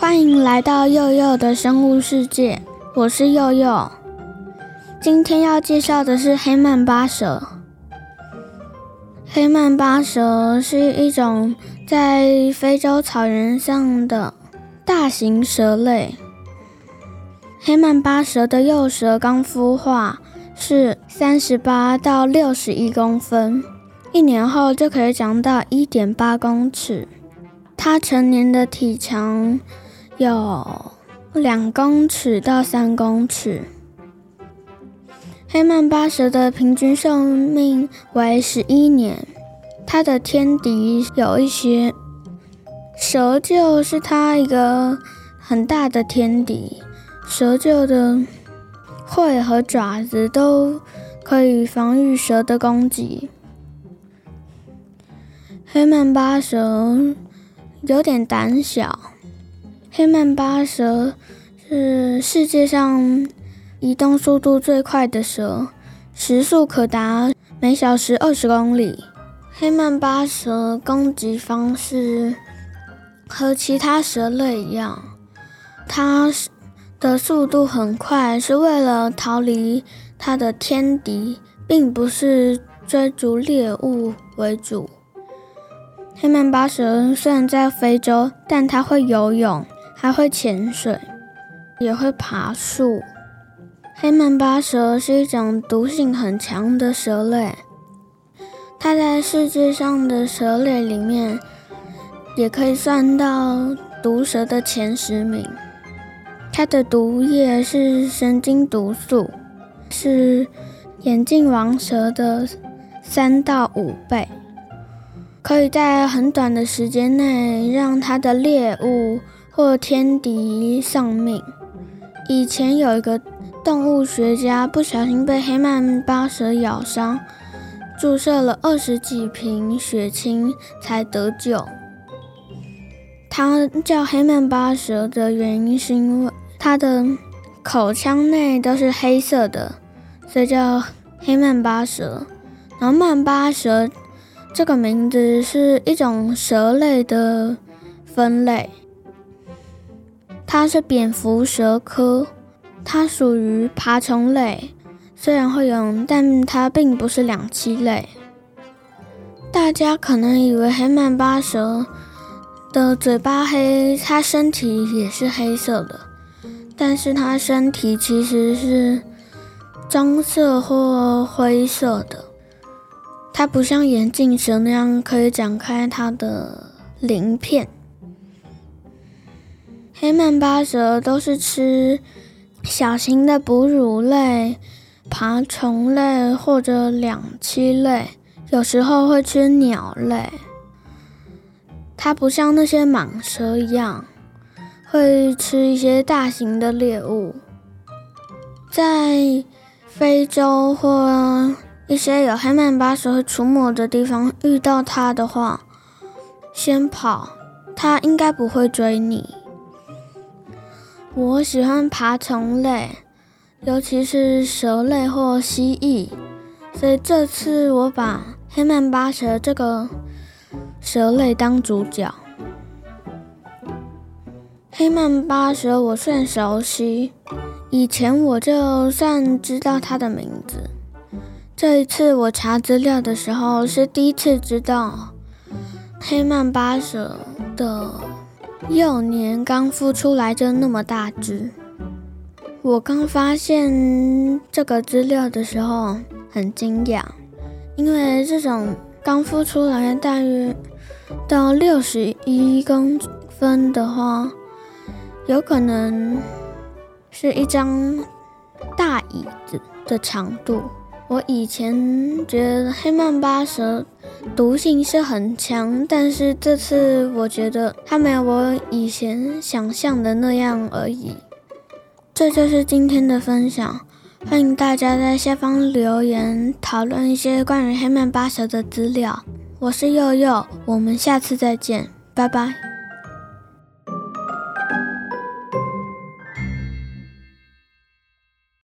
歡迎來到祐祐的生物世界，我是祐祐。今天要介紹的是黑曼巴蛇。黑曼巴蛇是一種在非洲草原上的大型蛇類。黑曼巴蛇的幼蛇剛孵化是三十八到六十一公分，一年後就可以長到一點八公尺。它成年的體長有兩公尺到三公尺。黑曼巴蛇的平均壽命為十一年。它的天敵有一些，蛇就是它一個很大的天敵。蛇鷲的喙和爪子都可以防禦蛇的攻擊。黑曼巴蛇有點膽小。黑曼巴蛇是世界上移動速度最快的蛇，時速可達每小時二十公里。黑曼巴蛇攻擊方式和其他蛇類一樣，它是。的速度很快，是為了逃離它的天敵，並不是追逐獵物為主。黑曼巴蛇雖然在非洲，但它會游泳，還會潛水，也會爬樹。黑曼巴蛇是一種毒性很強的蛇類，它在世界上的蛇類裡面也可以算到毒蛇的前十名。它的毒液是神經毒素，是眼鏡王蛇的三到五倍，可以在很短的時間內讓它的獵物或天敵喪命。以前有一個動物學家不小心被黑曼巴蛇咬傷，注射了二十幾瓶血清才得救。它叫黑曼巴蛇的原因是因為。它的口腔內都是黑色的，所以叫黑曼巴蛇。然後曼巴蛇這個名字是一種蛇類的分類，它是蝙蝠蛇科，它屬於爬蟲類。雖然會游泳，但它並不是兩棲類。大家可能以為黑曼巴蛇的嘴巴黑，它身體也是黑色的。但是它身體其實是棕色或灰色的，它不像眼鏡蛇那樣可以展開它的鱗片。黑曼巴蛇都是吃小型的哺乳類、爬蟲類或者兩棲類，有時候會吃鳥類。它不像那些蟒蛇一樣。會吃一些大型的獵物，在非洲或一些有黑曼巴蛇出沒的地方遇到它的話，先跑，它應該不會追你。我喜歡爬蟲類，尤其是蛇類或蜥蜴，所以這次我把黑曼巴蛇這個蛇類當主角。黑曼巴蛇我算熟悉，以前我就算知道它的名字。這一次我查資料的時候是第一次知道黑曼巴蛇的幼年剛孵出來就那麼大只。我剛發現這個資料的時候很驚訝，因為這種剛孵出來大約到六十一公分的話。有可能是一張大椅子的長度。我以前覺得黑曼巴蛇毒性是很強，但是這次我覺得它沒有我以前想象的那樣而已。這就是今天的分享，歡迎大家在下方留言討論一些關於黑曼巴蛇的資料。我是祐祐，我們下次再見，拜拜。